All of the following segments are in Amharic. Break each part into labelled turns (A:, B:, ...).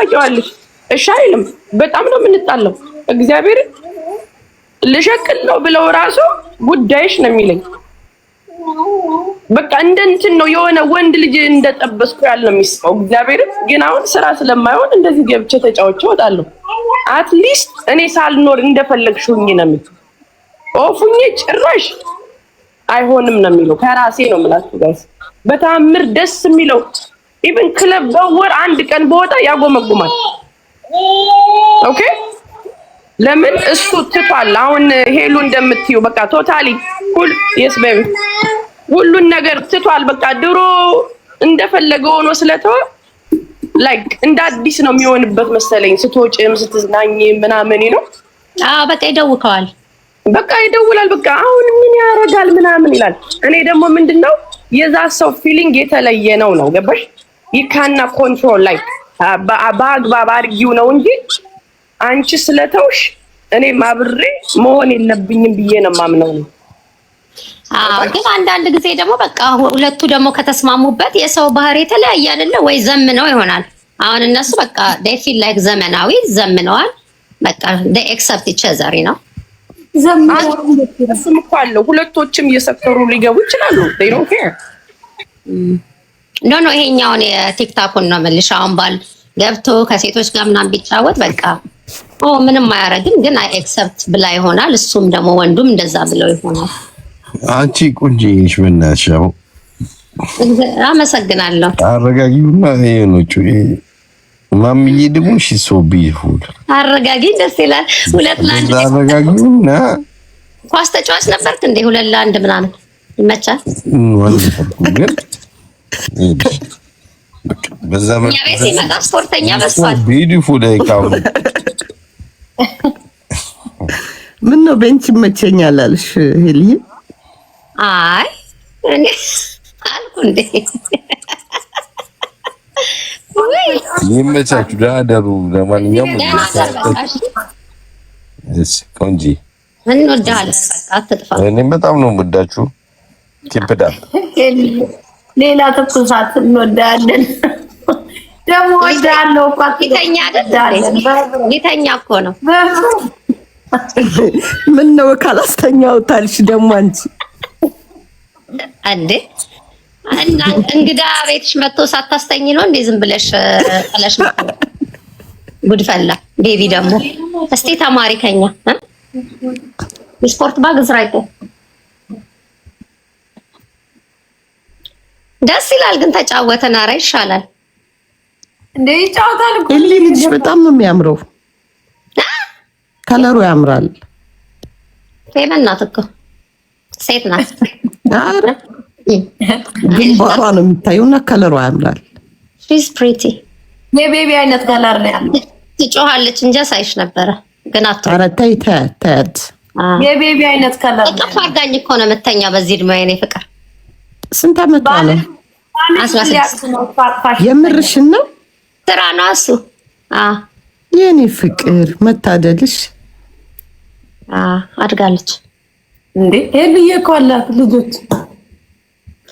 A: ታውቂዋለሽ። እሺ አይልም። በጣም ነው የምንጣለው። እግዚአብሔር ልሸቅል ነው ብለው ራሱ ጉዳይሽ ነው የሚለኝ። በቃ እንደ እንትን ነው የሆነ ወንድ ልጅ እንደጠበስኩ ያለ ነው የሚስቀው። እግዚአብሔር ግን አሁን ስራ ስለማይሆን እንደዚህ ገብቼ ተጫውቼ እወጣለሁ። አትሊስት እኔ ሳልኖር እንደፈለግሽ ሁኚ ነው የሚሉ ኦፉኝ ጭራሽ አይሆንም ነው የሚለው። ከራሴ ነው የምላችሁ ጋይስ በታምር ደስ የሚለው ኢቭን ክለብ በወር አንድ ቀን በወጣ ያጎመጉማል። ኦኬ ለምን እሱ ትቷል። አሁን ሄሉ እንደምትዩ በቃ ቶታሊ ሁሉ የስ ቤቢ ሁሉን ነገር ትቷል። በቃ ድሮ እንደፈለገ ሆኖ ስለተወ ላይክ እንደ አዲስ ነው የሚሆንበት መሰለኝ። ስትወጪም ስትዝናኝ ምናምን ነው።
B: አዎ በቃ ይደውከዋል።
A: በቃ ይደውላል። በቃ አሁን ምን ያደርጋል ምናምን ይላል። እኔ ደግሞ ምንድነው የዛ ሰው ፊሊንግ የተለየ ነው ነው ገባሽ? ይካና ኮንትሮል ላይ በአግባብ አድርጊው ነው እንጂ አንቺ ስለተውሽ እኔም አብሬ መሆን የለብኝም ብዬ ነው የማምነው ነው።
B: ግን አንዳንድ ጊዜ ደግሞ በቃ ሁለቱ ደግሞ ከተስማሙበት የሰው ባህሪ የተለያየ አይደለ ወይ? ዘም ነው ይሆናል። አሁን እነሱ በቃ they feel ዘመናዊ ዘምነዋል። በቃ they accept each other ነው
A: ዘምነዋል። ሁለቶችም እየሰከሩ ሊገቡ ይችላሉ። they ዶንት ኬር
B: ኖ ኖ ይሄኛውን የቲክታኩን ነው መልሽ። አሁን ባል ገብቶ ከሴቶች ጋር ምናምን ቢጫወት በቃ ኦ ምንም አያረግም፣ ግን አይ ኤክሰፕት ብላ ይሆናል። እሱም ደግሞ ወንዱም እንደዛ ብለው ይሆናል።
C: አንቺ ቁንጅሽ ምናሻው
B: አመሰግናለሁ።
C: አረጋጊውና ይሄኖቹ ማሚዬ ደግሞ ሺ ሶ ቢሁል
B: አረጋጊ ደስ ይላል። ሁለት
C: ለአንድ አረጋጊውና
B: ኳስ ተጫዋች ነበርክ እንዴ? ሁለት ለአንድ ምናምን ይመቻል። ግን በዛ ቤት ሲመጣ ስፖርተኛ
A: ምን ነው ቤንች ይመቸኛል አልሽ ሄሊ?
B: አይ አልኩ እንዴ
C: ይመቻችሁ፣ ደህና ደሩ። ለማንኛውም ቆንጂ
B: እንወድሃለን። በቃ
C: አትጥፋ። እኔም በጣም ነው የምወዳችሁ። ኪፕ ዳት
B: ሌላ ትኩሳት እንወዳለን። ደግሞ ወዳለው እኮ ይተኛ አይደል? ጌተኛ እኮ ነው።
A: ምን ነው ካላስተኛው ታልሽ ደግሞ አንቺ
B: አንዴ እንግዳ ቤትሽ መጥቶ ሳታስተኝ ነው እንዴ? ዝም ብለሽ ጥለሽ ጉድፈላ ቤቢ ደግሞ እስቲ ተማሪ ከኛ የስፖርት ባግ ዝራይቶ ደስ ይላል ግን ተጫወተን። ኧረ ይሻላል
A: እንዴ ይጫወታል። እኮ እሊ ልጅሽ በጣም ነው የሚያምረው። ከለሩ ያምራል።
B: በእናትህ እኮ ሴት ናት። ኧረ
A: ግንባሯ ነው የሚታየው እና ከለሯ ያምራል። ሺስ ፕሪቲ የቤቢ አይነት ከለር ነው ያለው።
B: ትጮሃለች እንጃ ሳይሽ ነበረ ግን አቶ
A: አረ ተይ ተይ ተይ
B: የቤቢ አይነት ከለር ነው። አጋኝ እኮ ነው የምተኛው በዚህ ዕድሜ የኔ ፍቅር
A: ስንት አመት ነው? የምርሽን ነው? ስራ ነው እሱ። የኔ ፍቅር መታደልሽ አድጋለች እንዴ! ይሄ እኮ አላት ልጆች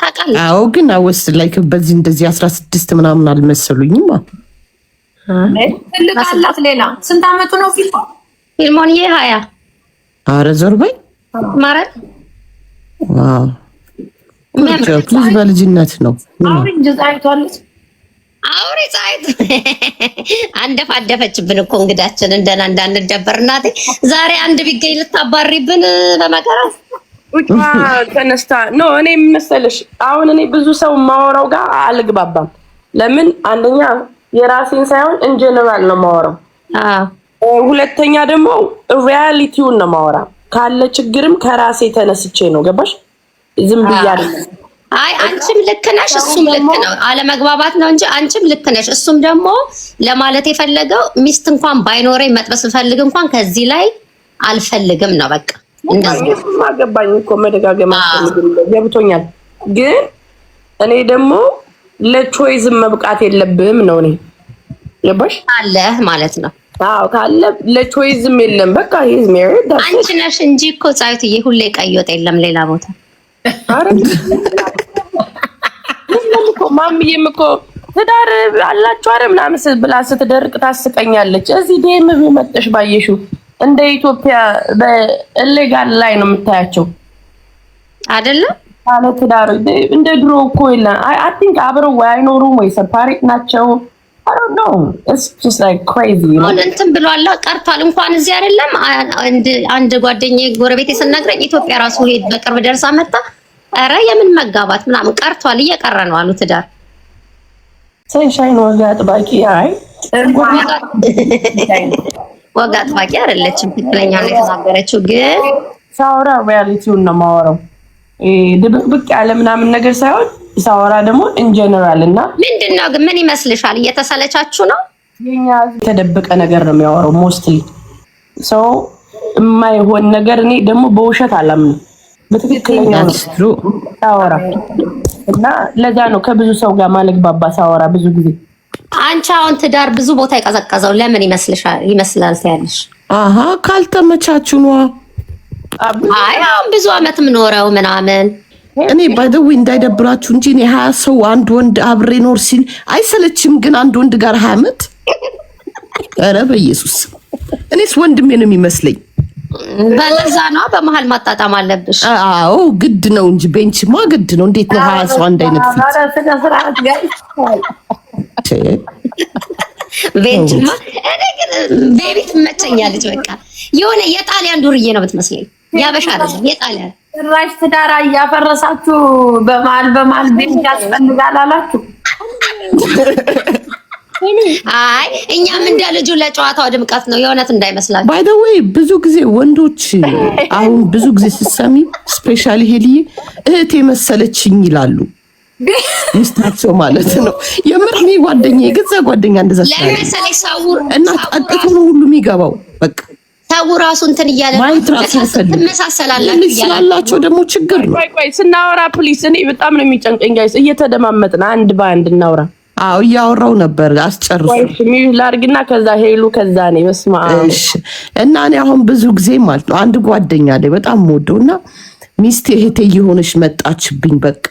A: ታውቃለች። አዎ፣ ግን አወስ ላይክ በዚህ እንደዚህ አስራ ስድስት ምናምን አልመሰሉኝም። ትልቅ አላት ሌላ። ስንት አመቱ ነው ፊልሞ?
B: ፊልሞን ይሄ ሀያ አረ ዞር በይ ማረ
A: ልጅ በልጅነት ነው።
B: አውሪ ፀሐይቱ አንደፍ አደፈችብን እኮ እንግዳችንን ደህና እንዳንደበር እናቴ። ዛሬ አንድ ቢገኝ ልታባሪብን በመቀራት
A: ተነስታ ኖ እኔ የምመሰለሽ አሁን እኔ ብዙ ሰው ማወራው ጋር አልግባባም። ለምን አንደኛ የራሴን ሳይሆን እንጀነራል ነው ማወራው፣ ሁለተኛ ደግሞ ሪያሊቲውን ነው ማወራ ካለ ችግርም ከራሴ ተነስቼ ነው ገባሽ ዝም ብያለ
B: አይ አንቺም ልክ ነሽ፣ እሱም ልክ ነው። አለመግባባት ነው እንጂ አንቺም ልክ ነሽ። እሱም ደግሞ ለማለት የፈለገው ሚስት እንኳን ባይኖረኝ መጥበስ ፈልግ እንኳን ከዚህ ላይ አልፈልግም ነው በቃ።
A: እንደዚህ ማገባኝ እኮ መደጋገም አልፈልግም ገብቶኛል። ግን እኔ ደግሞ ለቾይዝም መብቃት የለብህም ነው እኔ ገባሽ
B: አለ ማለት ነው።
A: አዎ ካለ ለቾይዝም የለም በቃ ሂዝ ሜሪድ
B: አንቺ ነሽ እንጂ እኮ ጻይት ሁሌ ቀይወጥ የለም ሌላ ቦታ
A: ማምዬም እኮ ትዳር አላችሁ አረ ምናምን ብላ ስትደርቅ ታስቀኛለች። እዚህ ዴም መጠሽ ባየሹ እንደ ኢትዮጵያ በኢሌጋል ላይ ነው የምታያቸው አይደለም ባለ ትዳር እንደ ድሮ እኮ የለ አይ ቲንክ አብረው ወይ አይኖሩም ወይ ሰፓሬት ናቸው።
B: እንትን ብሏላ ቀርቷል። እንኳን እዚህ አይደለም አንድ ጓደኛዬ ጎረቤት ስናግረኝ ኢትዮጵያ ራሱ ሄድ በቅርብ ደርሳ መጣ ኧረ የምን መጋባት ምናምን ቀርቷል፣ እየቀረ ነው አሉ ትዳር።
A: ሰንሻይን ወግ አጥባቂ አይ
B: ወጋ አጥባቂ አይደለችም። ትክክለኛ ነው የተናገረችው። ግን
A: ሳወራ ሪያሊቲውን ነው የማወራው፣ ድብቅብቅ ያለ ምናምን ነገር ሳይሆን ሳወራ ደግሞ ኢንጀነራል እና
B: ምንድን ነው ግን ምን ይመስልሻል? እየተሰለቻችሁ ነው?
A: የኛ የተደበቀ ነገር ነው የሚያወራው ሞስትሊ ሰው የማይሆን ነገር። እኔ ደግሞ በውሸት አላምንም በትክክለኛ ሳወራ እና ለዛ ነው ከብዙ ሰው ጋር ማለግባባ ሳወራ ብዙ ጊዜ
B: አንቺ አሁን ትዳር ብዙ ቦታ የቀዘቀዘው ለምን ይመስላል ትያለሽ?
A: አሀ ካልተመቻችሁ ነዋ።
B: አይ አሁን ብዙ አመት ምኖረው ምናምን
A: እኔ ባይደዊ እንዳይደብራችሁ እንጂ እኔ ሀያ ሰው አንድ ወንድ አብሬ ኖር ሲል አይሰለችም። ግን አንድ ወንድ ጋር ሀያ አመት ኧረ በኢየሱስ እኔስ ወንድሜ ነው የሚመስለኝ
B: በለዛ ነው በመሀል ማጣጣም አለብሽ።
A: አዎ ግድ ነው እንጂ ቤንችማ ግድ ነው። እንዴት ነው ሀያ ሰው አንድ አይነት
B: ፊት ቤንችማ? እኔ ግን ቤቢ ትመቸኛለች። በቃ የሆነ የጣሊያን ዱርዬ ነው ብትመስለኝ። ያበሻ አይደለም የጣሊያን
A: ራሽ ትዳራ እያፈረሳችሁ በማል በማል ቤንች ያስፈልጋል አላችሁ
B: አይ እኛም እንደ ልጁ ለጨዋታው ድምቀት ነው፣ የእውነት እንዳይመስላችሁ።
A: ባይ ዘ ዌይ ብዙ ጊዜ ወንዶች አሁን ብዙ ጊዜ ስትሰሚ ስፔሻሊ ሄልዬ እህቴ መሰለችኝ ይላሉ። ሚስታቸው ማለት ነው። የምር እኔ ጓደኛ የገዛ ጓደኛ እንደዛ
B: ለመሰለኝ ሰው
A: እና ቀጥቶ ነው ሁሉ የሚገባው በቃ
B: ሰው ራሱ እንትን እያለ
A: ትመሳሰላላችሁ። ደግሞ ችግር ነው። ቆይ ቆይ ስናወራ ፕሊስ፣ እኔ በጣም ነው የሚጨንቀኝ ጋይስ። እየተደማመጥን አንድ በአንድ እናውራ። አዎ እያወራው ነበር። አስጨርሱ ላርግና ከዛ ሄሉ ከዛ ነው መስማ እና እኔ አሁን ብዙ ጊዜ ማለት ነው አንድ ጓደኛ ላይ በጣም ወደው እና ሚስቴ እህቴ የሆነች መጣችብኝ። በቃ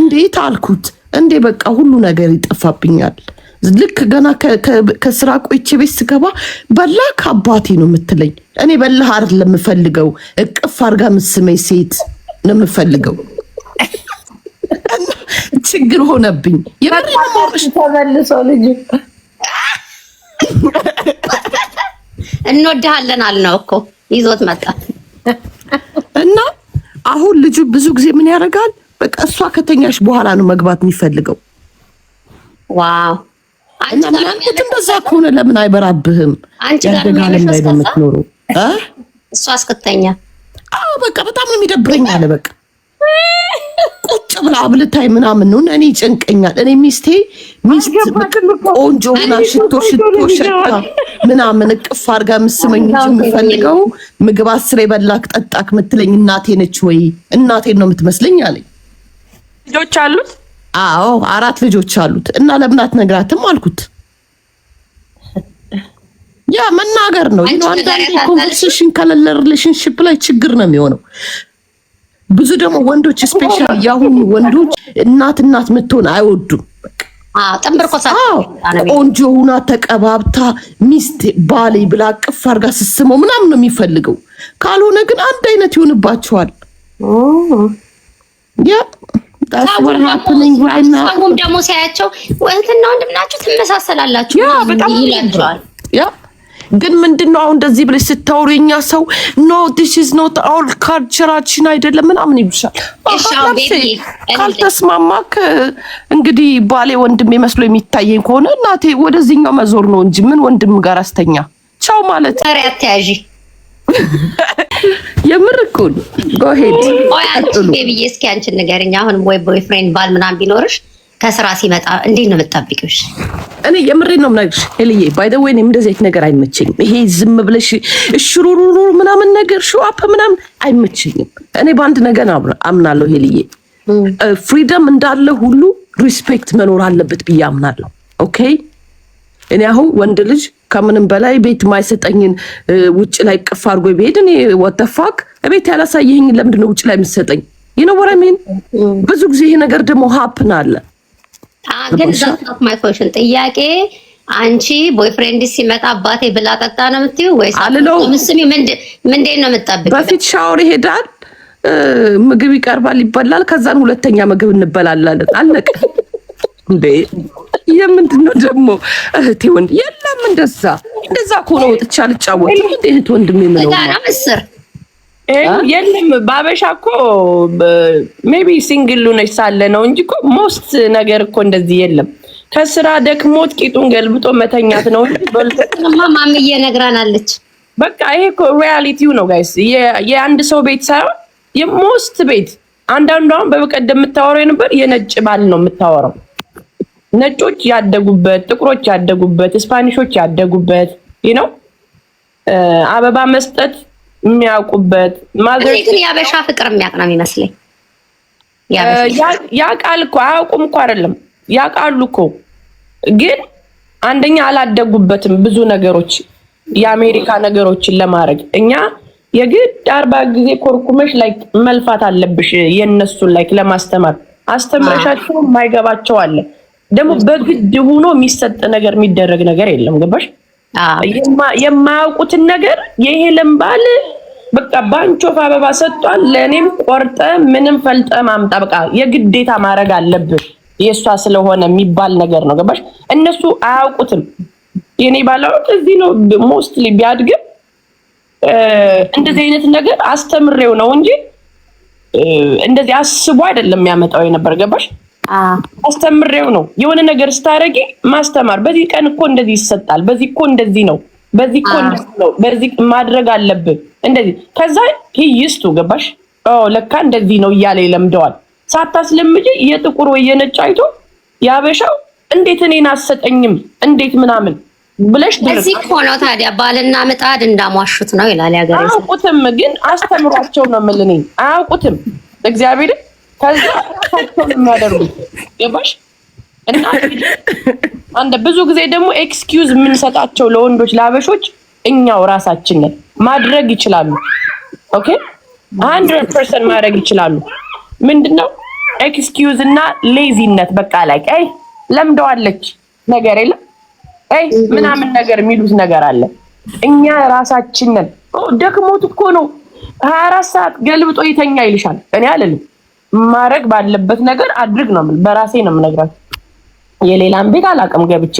A: እንዴት አልኩት እንዴ በቃ ሁሉ ነገር ይጠፋብኛል። ልክ ገና ከስራ ቆይቼ ቤት ስገባ በላክ አባቴ ነው የምትለኝ። እኔ በላህ አይደል የምፈልገው፣ እቅፍ አርጋ ምስመኝ ሴት ነው የምፈልገው። ችግር ሆነብኝ። ተመልሶ ልጅ
B: እንወድሃለን አልነው እኮ ይዞት መጣ
A: እና አሁን ልጁ ብዙ ጊዜ ምን ያደርጋል? በቃ እሷ ከተኛሽ በኋላ ነው መግባት የሚፈልገው። ዋው አንቺ እንደዛ ከሆነ ለምን አይበራብህም? አንቺ ጋር ነው
B: እሷ እስክተኛ።
A: አዎ በቃ በጣም ነው የሚደብረኝ አለ በቃ ቁጭ ብላ አብልታይ ምናምን ነው። እኔ ጭንቀኛል። እኔ ሚስቴ ሚስት ቆንጆ ሆና ሽቶ ሽቶ ሸታ ምናምን እቅፍ አድርጋ ምስመኝ እንጂ የምፈልገው ምግብ አስር የበላክ ጠጣክ ምትለኝ እናቴ ነች ወይ እናቴን ነው የምትመስለኝ አለኝ።
B: ልጆች አሉት?
A: አዎ አራት ልጆች አሉት። እና ለምን አትነግራትም አልኩት። ያ መናገር ነው። አንዳንዴ ኮንቨርሴሽን ከሌለ ሪሌሽንሽፕ ላይ ችግር ነው የሚሆነው። ብዙ ደግሞ ወንዶች ስፔሻል የአሁኑ ወንዶች እናት እናት ምትሆን አይወዱም። ቆንጆ ሁና ተቀባብታ ሚስት ባሌ ብላ ቅፍ አድርጋ ስስመው ምናምን ነው የሚፈልገው። ካልሆነ ግን አንድ አይነት ይሆንባቸዋል።
B: ደግሞ ሲያያቸው እህትና ወንድም ናቸው ትመሳሰላላችሁ
A: ይላቸዋል። ግን ምንድን ነው አሁን እንደዚህ ብለሽ ስታወሪ እኛ ሰው ኖ ዲስ ኢዝ ኖት አውር ካልቸራችን አይደለም ምናምን ይሉሻል። ካልተስማማክ እንግዲህ ባሌ ወንድሜ መስሎ የሚታየኝ ከሆነ እናቴ ወደዚህኛው መዞር ነው እንጂ ምን ወንድም ጋር አስተኛ ቻው ማለት የምርኩን ጎሄድ
B: ወይ አንቺ ቤቢዬ፣ እስኪ አንቺን ንገሪኝ። አሁን ወይ ቦይፍሬንድ ባል ምናምን ቢኖርሽ ከስራ ሲመጣ እንዴት ነው የምትጠብቂው?
A: እኔ የምሬ ነው የምናግርሽ ሄልዬ ባይ ዘ ወይ እንደዚህ አይነት ነገር አይመቸኝም። ይሄ ዝም ብለሽ እሽሩሩሩ ምናምን ነገር ሾአፕ ምናምን አይመቸኝም። እኔ በአንድ ነገር አምናለሁ ሄልዬ፣ ፍሪደም እንዳለ ሁሉ ሪስፔክት መኖር አለበት ብዬ አምናለሁ። ኦኬ እኔ አሁን ወንድ ልጅ ከምንም በላይ ቤት ማይሰጠኝን ውጭ ላይ ቅፍ አድርጎ ብሄድ እኔ ወተፋክ ቤት ያላሳየኝ ለምንድነው ውጭ ላይ የምትሰጠኝ? ይነወረሚን ብዙ ጊዜ ይሄ ነገር ደግሞ ሀፕን አለ
B: ግን ዛት ማይ ኮሽን ጥያቄ አንቺ ቦይፍሬንድ ሲመጣ አባቴ ብላ ጠጣ ነው የምትይው ወይስ አልለው? ምስሚ ምንድን ነው የምጠብቅ?
A: በፊት ሻወር ይሄዳል፣ ምግብ ይቀርባል፣ ይበላል። ከዛን ሁለተኛ ምግብ እንበላላለን። አለቀ እንዴ! የምንድን ነው ደግሞ እህቴ ወንድ የለም። እንደዛ እንደዛ ከሆነ ወጥቻ ልጫወት እንዴ እህት ወንድም የምለው ምስር የለም ባበሻ እኮ ሜቢ ሲንግሉ ነች ሳለ ነው እንጂ እኮ ሞስት ነገር እኮ እንደዚህ የለም። ከስራ ደክሞት ቂጡን ገልብጦ መተኛት ነው እንጂ
B: ማምዬ ነግራናለች።
A: በቃ ይሄ እኮ ሪያሊቲው ነው ጋይስ፣ የአንድ ሰው ቤት ሳይሆን የሞስት ቤት። አንዳንዱ አሁን በበቀደ የምታወራው የነበር የነጭ ባል ነው የምታወራው። ነጮች ያደጉበት፣ ጥቁሮች ያደጉበት፣ ስፓኒሾች ያደጉበት ነው አበባ መስጠት የሚያውቁበት ማዘር
B: ግን ያበሻ ፍቅር የሚያውቅ ነው የሚመስለኝ።
A: ያውቃል እኮ አያውቁም እኮ አይደለም፣ ያውቃሉ እኮ ግን አንደኛ አላደጉበትም። ብዙ ነገሮች የአሜሪካ ነገሮችን ለማድረግ እኛ የግድ አርባ ጊዜ ኮርኩመሽ ላይ መልፋት አለብሽ። የእነሱን ላይ ለማስተማር አስተምረሻቸው የማይገባቸው አለ። ደግሞ በግድ ሆኖ የሚሰጥ ነገር የሚደረግ ነገር የለም። ገባሽ? የማያውቁትን ነገር የሄለን ባል በቃ ባንቾፍ አበባ ሰጥቷል። ለእኔም ቆርጠ ምንም ፈልጠ ማምጣ በቃ የግዴታ ማድረግ አለብን የእሷ ስለሆነ የሚባል ነገር ነው። ገባሽ? እነሱ አያውቁትም። የኔ ባላወቅ እዚህ ነው ሞስትሊ ቢያድግም እንደዚህ አይነት ነገር አስተምሬው ነው እንጂ እንደዚህ አስቦ አይደለም የሚያመጣው የነበር ገባሽ? አስተምሬው ነው የሆነ ነገር ስታረጊ ማስተማር። በዚህ ቀን እኮ እንደዚህ ይሰጣል፣ በዚህ እኮ እንደዚህ ነው፣ በዚህ እኮ እንደዚህ ነው፣ በዚህ ማድረግ አለብን እንደዚህ። ከዛ ይስቱ ገባሽ? ለካ እንደዚህ ነው እያለ ይለምደዋል። ሳታስለምጂ የጥቁር ወይ የነጭ አይቶ ያበሻው እንዴት እኔን አሰጠኝም እንዴት ምናምን ብለሽ
B: እዚህ እኮ ነው ታዲያ ባልና ምጣድ እንዳሟሹት ነው ይላል ያገሬ።
A: አያውቁትም ግን አስተምሯቸው ነው የምልህ እኔ አያውቁትም እግዚአብሔርን ከዛ ራሳቸውን የሚያደርጉት ገባሽ? እና አንድ ብዙ ጊዜ ደግሞ ኤክስኪዩዝ የምንሰጣቸው ለወንዶች ለአበሾች እኛው ራሳችን ነን። ማድረግ ይችላሉ። ኦኬ ሀንድረድ ፐርሰንት ማድረግ ይችላሉ። ምንድነው ኤክስኪዩዝ እና ሌዚነት በቃ ላይ አይ ለምደዋለች ነገር የለም አይ ምናምን ነገር የሚሉት ነገር አለ። እኛ ራሳችን ነን። ደክሞት እኮ ነው ሀያ አራት ሰዓት ገልብጦ ይተኛ ይልሻል። እኔ አለልም ማድረግ ባለበት ነገር አድርግ ነው። በራሴ ነው የምነግራቸው። የሌላን ቤት አላውቅም ገብቼ።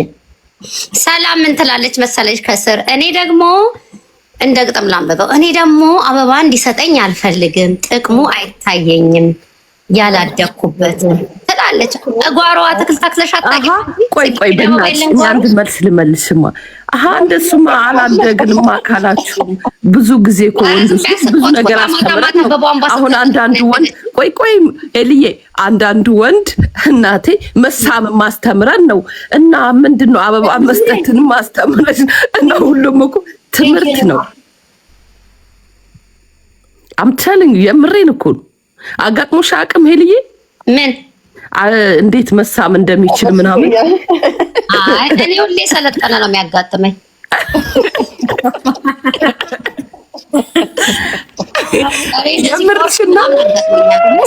B: ሰላም ምን ትላለች መሰለች ከስር እኔ ደግሞ እንደ ግጥም ላንብበው። እኔ ደግሞ አበባ እንዲሰጠኝ አልፈልግም፣ ጥቅሙ አይታየኝም ያላደኩበት ትመጣለች። ጓሮዋ
A: ቆይ ቆይ፣ በእናትሽ አንድ መልስ ልመልስማ። አሀ እንደሱማ ብዙ ጊዜ እኮ ብዙ ነገር አስተምረን ነው። አሁን ወንድ ቆይ ቆይ፣ ኤልዬ ወንድ እናቴ ማስተምረን ነው እና ምንድን ነው አበባ መስጠትን እና ሁሉም እኮ ትምህርት ነው። አምተልኝ የምሬን እኮ አጋጥሞሽ አቅም ሄልዬ ምን እንዴት መሳም እንደሚችል ምናምን።
B: አይ እኔ ሁሌ ሰለጠነ ነው የሚያጋጥመኝ።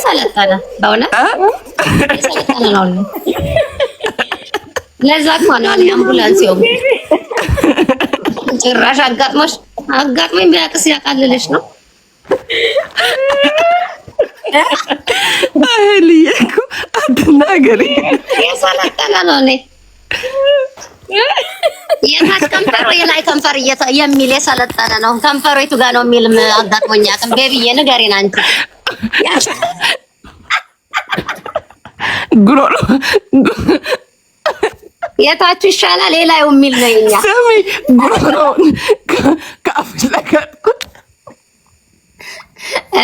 B: ሰለጠነ በእውነት ነው። ለዛ እኮ ነው አምቡላንስ ጭራሽ አጋጥሞሽ አጋጥሞኝ ቢያቅስ ያቃልልሽ ነው
A: እህልዬ እኮ አትናገሪ።
B: የሰለጠነ ነው እኔ የታች ከንፈር የላይ ከንፈር የሚል የሰለጠነ ነው። ከንፈሩ የቱ ጋር ነው የሚል አጋጥሞኛል። ቤቢዬ ንገሪን አንቺ ጉሮሮ የታችሁ ይሻላል የላዩ የሚል ነው። እኛ
A: ስሚ ጉሮሮውን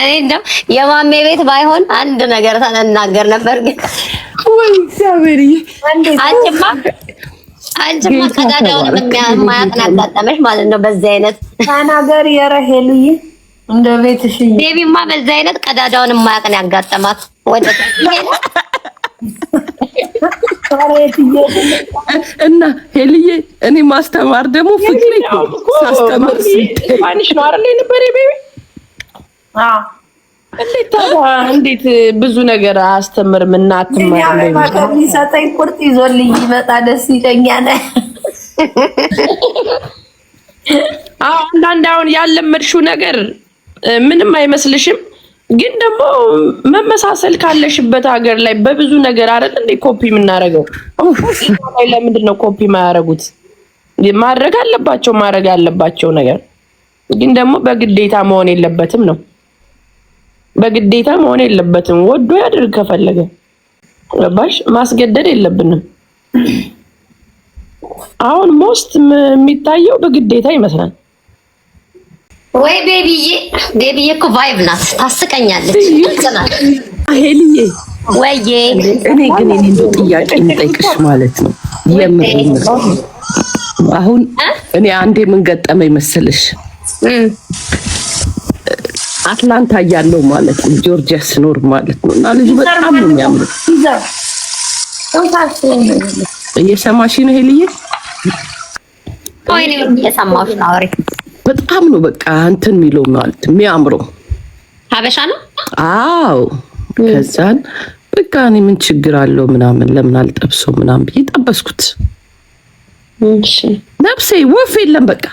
B: እኔ እንደውም የማሜ ቤት ባይሆን አንድ ነገር ተናገር ነበር፣ ግን ወይ አንቺማ አንቺማ ቀዳዳውን የማያውቅ ያጋጠመሽ ማለት ነው። በዚህ አይነት
A: ተናገር የረሄሉይ እንደ ቤትሽ
B: ቤቢማ በዚህ አይነት ቀዳዳውን የማያውቅ ነው ያጋጠማት ወደ
A: እና ሄልዬ እኔ ማስተማር ደግሞ ፍቅሬ ሳስተማር ስንቴ እንዴት ብዙ ነገር አያስተምርም? እና
B: የሚሰጠኝ ቁርጥ ይዞልኝ ይመጣ ደስ ይለኛል።
A: አንዳንድ አሁን ያለመድሽው ነገር ምንም አይመስልሽም፣ ግን ደግሞ መመሳሰል ካለሽበት ሀገር ላይ በብዙ ነገር አይደል እንዴ ኮፒ የምናደርገው? ላይ ለምንድን ነው ኮፒ የማያደርጉት? ማድረግ አለባቸው ማድረግ አለባቸው ነገር ግን ደግሞ በግዴታ መሆን የለበትም ነው በግዴታ መሆን የለበትም። ወዶ ያድርግ ከፈለገ ገባሽ? ማስገደድ የለብንም። አሁን ሞስት የሚታየው በግዴታ ይመስላል።
B: ወይ ቤቢዬ ቤቢዬ እኮ ቫይብ ናት፣ ታስቀኛለች። ሄልዬ ወይ እኔ
A: ግን እኔ እንደው ጥያቄ እንጠይቅሽ ማለት ነው የምር የምር አሁን እኔ አንዴ ምን ገጠመኝ መሰለሽ አትላንታ እያለው ማለት ነው ጆርጂያ ስኖር ማለት ነው። እና ልጁ በጣም ነው የሚያምር። እየሰማሽ ነው ሄልዬ? በጣም ነው በቃ እንትን የሚለው ማለት የሚያምረው ሀበሻ ነው። አዎ ከዛን በቃ እኔ ምን ችግር አለው ምናምን ለምን አልጠብሶ ምናምን ብዬ ጠበስኩት። ነፍሴ ወፍ የለም በቃ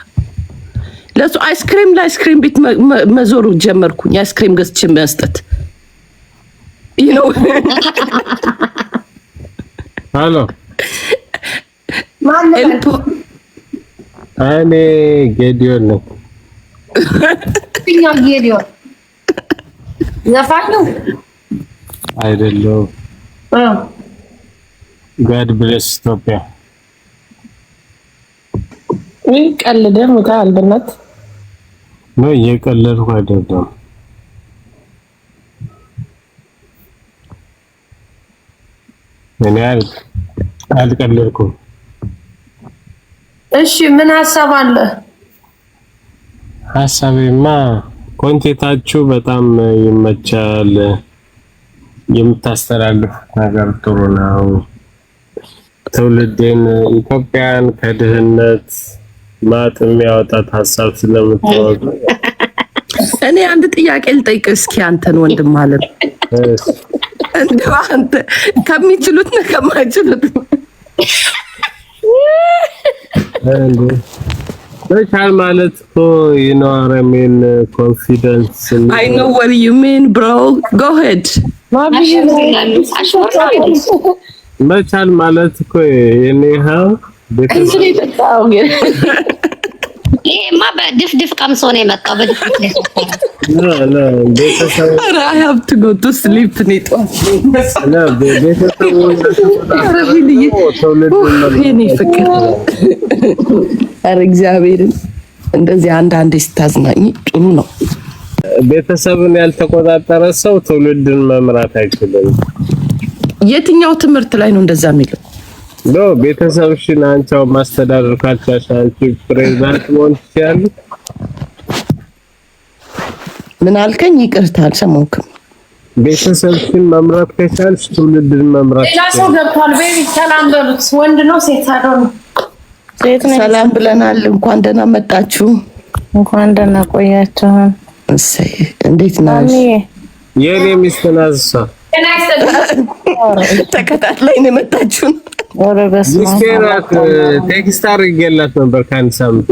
A: ለሱ አይስክሪም ለአይስክሪም ቤት መዞሩ ጀመርኩኝ። አይስክሪም ገዝቼ መስጠት ነው።
C: ሄሎ እኔ ጌዲዮን ነው።
B: የትኛው ጌዲዮን? ዘፋኙ
C: አይደለሁም። ጋድ ብለስ ኢትዮጵያ
A: ቀልደ ሙታ አልበናት
C: ነው እየቀለድኩ አይደለም። እኔ አልቀለድኩም።
B: እሺ ምን ሀሳብ አለ?
C: ሀሳቤማ ኮንቴታችሁ በጣም ይመቻል። የምታስተላልፉት ነገር ጥሩ ነው። ትውልድን ኢትዮጵያን ከድህነት ማጥ የሚያወጣት ሀሳብ ስለምታወቅ
A: እኔ አንድ ጥያቄ ልጠይቅ እስኪ አንተን ወንድም ማለት እንደው አንተ ከሚችሉት ነው ከማይችሉት
C: መቻል ማለት እኮ ሚን ኮንፊደንስ
A: አይ ኖ ዋት ዩ ሚን ብሮ ጎ ሄድ
C: መቻል ማለት እኮ የኔ ሀ
B: ይሄማ በድፍድፍ ቀምሶ
A: እግዚአብሔርን እንደዚህ አንዳንዴ ስታዝናኝ ጥሩ ነው።
C: ቤተሰብን ያልተቆጣጠረ ሰው ትውልድን መምራት አይችልም።
A: የትኛው ትምህርት ላይ ነው እንደዛ የሚለው?
C: ኖ ቤተሰብሽን አንቻው ማስተዳደር ካልቻልሽ አንቺ ፕሬዝዳንት መሆን ትችያለሽ።
A: ምን አልከኝ? ይቅርታ አልሰማሁህም።
C: ቤተሰብሽን መምራት ከቻልሽ ትውልድን መምራት።
A: ሌላ ሰው ገብቷል። ቤቢ ሰላም በሉት። ወንድ ነው ሴት ሳይሆን ሴት ነው። ሰላም ብለናል። እንኳን ደህና መጣችሁ።
B: እንኳን ደህና ቆያችሁ።
A: እሰይ፣ እንዴት ናችሁ?
C: የኔ ሚስት ናት እሷ
A: ተከታትላይ ነው የመጣችሁን።
C: ሚስቴራት ቴክስት አድርጌላት ነበር ከአንድ ሳምንት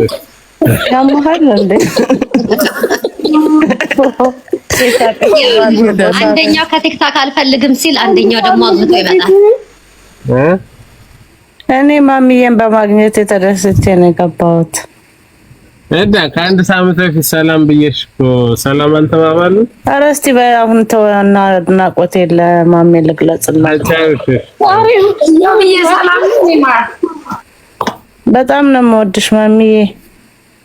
C: ያመሃል እንዴ?
B: አንደኛው ከቲክታክ አልፈልግም ሲል አንደኛው ደግሞ አብዝቶ ይመጣል። እኔ ማሚዬን በማግኘት የተደሰተ ነው የገባሁት።
C: እዳ ከአንድ ሳምንት በፊት ሰላም ብዬሽ እኮ ሰላም አልተባባሉ።
B: ኧረ እስቲ በአሁን እና አድናቆት የለ ማሜ በጣም ነው የምወድሽ ማሚዬ፣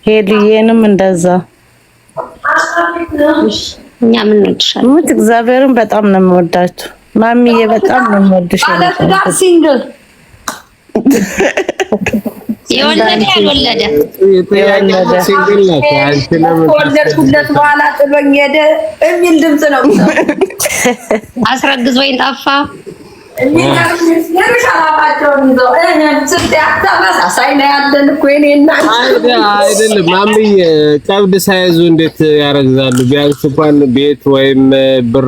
B: ሄልዬንም እንደዛ እኛ ሙት እግዚአብሔርን በጣም ነው የምወዳችሁ ማሚዬ፣ በጣም ነው የምወድሽ የወለደ በኋላ ጥሎኝ ሄደ የሚል ድምፅ ነው። ጠፋ። አይደለም
C: ማምዬ፣ ቀብድ ሳይዙ እንዴት ያረግዛሉ? ቢያንስ እንኳን ቤት ወይም ብር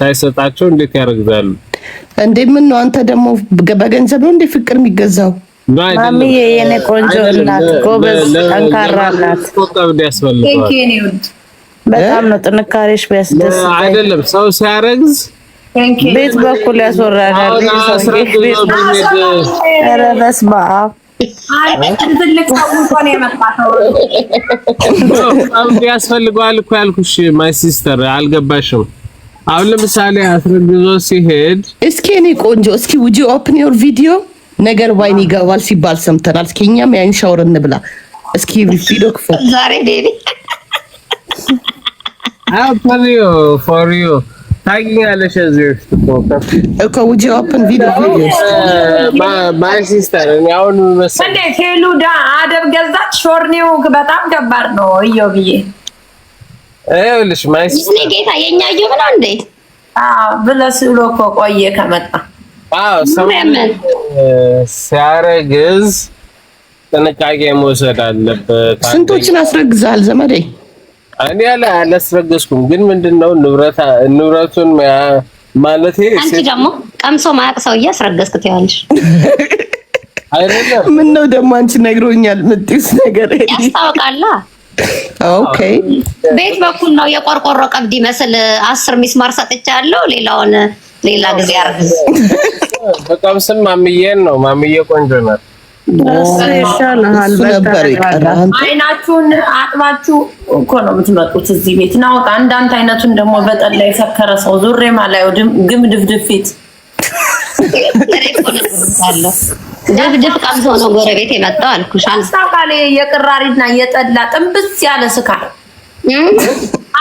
C: ሳይሰጣቸው እንዴት ያረግዛሉ?
A: እንዴ ምን ነው አንተ ደግሞ በገንዘብ ነው እንዴ ፍቅር የሚገዛው?
B: ማሚዬ የኔ ቆንጆ እናት ጎበዝ፣ ጠንካራ እናት በጣም ነው ጥንካሬሽ ቢያስደስት።
C: አይደለም ሰው ሲያረግዝ
B: ቤት በኩል ያስወራዳል። ኧረ በስመ አብ
C: ያስፈልገዋል እኮ ያልኩሽ ማይ ሲስተር አልገባሽም። አሁን ለምሳሌ አስረግዞ ሲሄድ
A: እስኪ እኔ ቆንጆ እስኪ ውድ ኦፕን ዮር ቪዲዮ ነገር ባይን ይገባል ሲባል ሰምተናል። እስኪ እኛም ያን ሻወር እንብላ እስኪ ቪዲዮ ክፎ
B: ዛሬ ዴሪ
C: አው ፎሪዮ ፎሪዮ ታግኛለሽ እዚህ
A: እኮ ውጅ ኦፕን ቪዲዮ
C: ማይ ሲስተር እኔ አሁን
A: መሰለኝ እንደ ሄሉዳ አደብ ገዛች። ሾርኒው በጣም ከባድ ነው። እዮ ብዬ
C: ይኸውልሽ ማይ ሲስተር
B: ጌታ የኛ እዩ ብላ እንዴ ብለስ ብሎ እኮ ቆየ ከመጣ
C: ሰው ሲያረግዝ ጥንቃቄ መውሰድ አለበት።
A: ስንቶችን አስረግዛል ዘመዴ?
C: እኔ አላስረገዝኩም፣ ግን ምንድነው ንብረቱን ማለት
B: አንቺ ደግሞ ቀምሶ ማያቅ ሰውዬ አስረገዝኩት ትይዋለሽ።
A: አይደለም ምን ነው ደግሞ አንቺ ነግሮኛል ምጥስ
B: ነገር ያስታውቃላ። ኦኬ ቤት በኩል ነው የቆርቆሮ ቀብድ ይመስል አስር ሚስማር ሰጥቻለሁ። ሌላውን ሌላ ጊዜ አርግዝ
C: በቀምስም ማምዬን ነው። ማምዬ ቆንጆ ናት።
A: አይናችሁን አጥባችሁ እኮ ነው የምትመጡት እዚህ ቤት ናወጣ። አንዳንድ አይነቱን ደግሞ በጠላ የሰከረ ሰው ዙሬ ማላየው ግም ድፍድፍ ፊት
B: ድፍድፍ ቀምሶ ነው ጎረቤት የመጣው አልኩሽ።
A: አስታውቃሌ የቅራሪና የጠላ ጥንብስ ያለ ስካር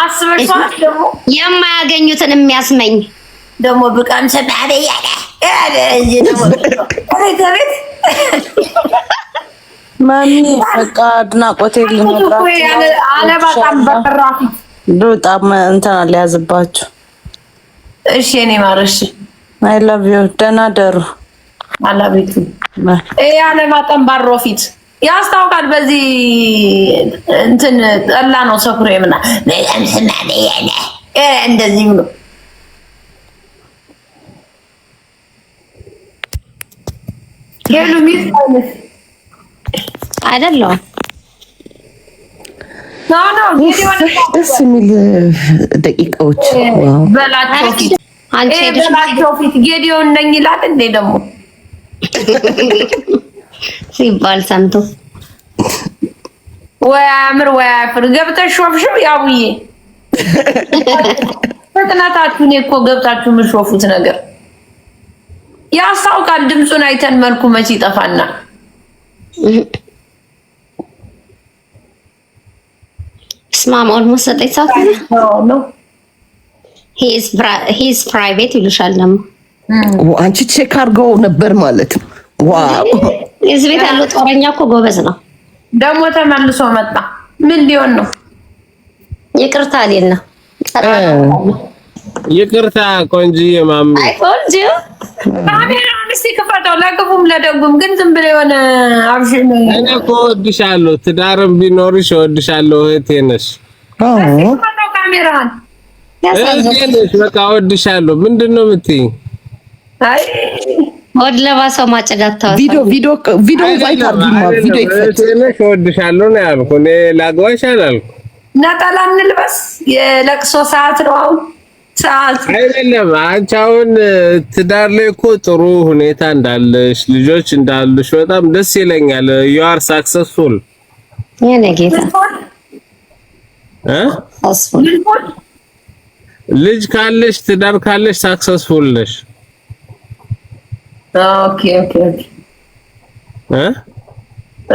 A: አስበሽዋል። ደግሞ
B: የማያገኙትን የሚያስመኝ
A: ደግሞ ብቃም ሰጣደ ያለ
B: ማሚ በቃ አድናቆቴ
A: እሺ እኔ ማረሽ
B: አይ ላቭ ዩ ደህና ደሩ
A: አላቤቱ ፊት ያስታውቃል። በዚህ እንትን ጠላ ነው ሰኩሬ ምና እንደዚህ ብሎ አይደለሁም ደስ የሚል ደቂቃዎች በላቸው ፊት ጌዲዮን ነኝ ይላል እንዴ ደግሞ
B: ሲባል ሰምቶ
A: ወይ አያምር ወይ አያፍር። ገብተሽ ሾፍሽም ያውዬ ፍጥነታችሁን እኮ ገብታችሁ የምትሾፉት ነገር ያስታውቃል። ድምፁን አይተን መልኩ መቼ ይጠፋና
B: ስማም ኦልሞስት ዘጠኝ ሰዓት ነው። ኢዝ ፕራይቬት ይሉሻል
A: ደግሞ አንቺ ቼክ አድርገው ነበር ማለት ነው። ዋው
B: እዚህ ቤት ያለው ጦረኛ እኮ ጎበዝ ነው።
A: ደግሞ ተመልሶ መጣ። ምን ሊሆን ነው?
B: ይቅርታ ሌል
C: ይቅርታ ቆንጂ ማሚ
A: ካሜራውን እስኪ ክፈተው። ለክፉም ለደጉም ግን ዝም ብለህ የሆነ አብሽ። እኔ
C: እኮ እወድሻለሁ፣ ትዳርም ቢኖርሽ እወድሻለሁ፣ እህቴ ነሽ።
A: ክፈተው ካሜራህን።
C: በቃ እወድሻለሁ። ምንድን ነው የምትይኝ?
B: ወድ ለባሰው ማጨዳት ታውቃለህ።
A: ቪዲዮ ቪዲዮ ቪዲዮ ይባይታል ቪዲዮ
C: ይፈት ነው ያልኩህ። እኔ ላግባሽ አላልኩም።
A: ነጠላ እንልበስ፣ የለቅሶ ሰዓት ነው አሁን
C: አይደለም አንቺ አሁን ትዳር ላይ እኮ ጥሩ ሁኔታ እንዳለሽ ልጆች እንዳሉሽ በጣም ደስ ይለኛል። ዩ አር ሳክሰስፉል
B: የኔ ጌታ
C: እ ልጅ ካለሽ ትዳር ካለሽ ሳክሰስፉል ነሽ።
A: ኦኬ ኦኬ ኦኬ እ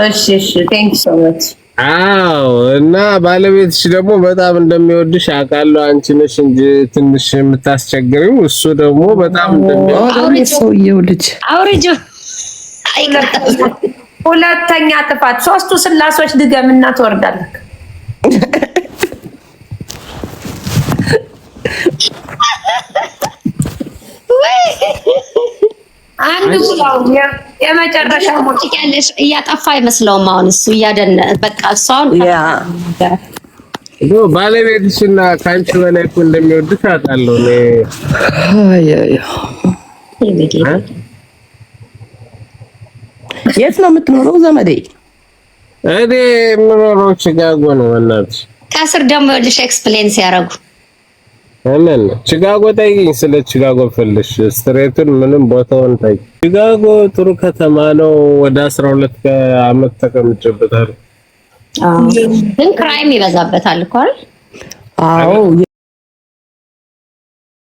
A: እሺ እሺ ቴንክ ዩ ሶ ማች
C: አዎ እና ባለቤትሽ ደግሞ በጣም እንደሚወድሽ አውቃለሁ። አንቺ ነሽ እንጂ ትንሽ የምታስቸግሪው፣ እሱ ደግሞ በጣም
A: እንደሚወድሽ ሰውየው ልጅ አውርጆ ሁለተኛ ጥፋት ሶስቱ ስላሶች ድገምና ትወርዳለህ። ወይ አንዱ ያው የመጨረሻ
B: ሞጭቀልሽ እያጠፋ አይመስለውም። አሁን እሱ እያደነ በቃ እሷን
C: ዶ ባለቤትሽና ከአንቺ በላይ እኮ እንደሚወድሽ አውቃለሁ።
A: የት ነው የምትኖረው ዘመዴ?
C: እኔ የምኖረው ቺካጎ ነው። እናት
B: ከስር ደግሞ ይኸውልሽ ኤክስፕሌን ሲያደርጉ
C: አመን ቺካጎ ጠይቂኝ፣ ስለ ቺካጎ ፈልሽ ስትሬቱን ምንም ቦታውን ታይ። ቺካጎ ጥሩ ከተማ ነው። ወደ 12 አመት ተቀምጬበታለሁ።
B: ግን ክራይም ይበዛበታል እኮ አይደል? አዎ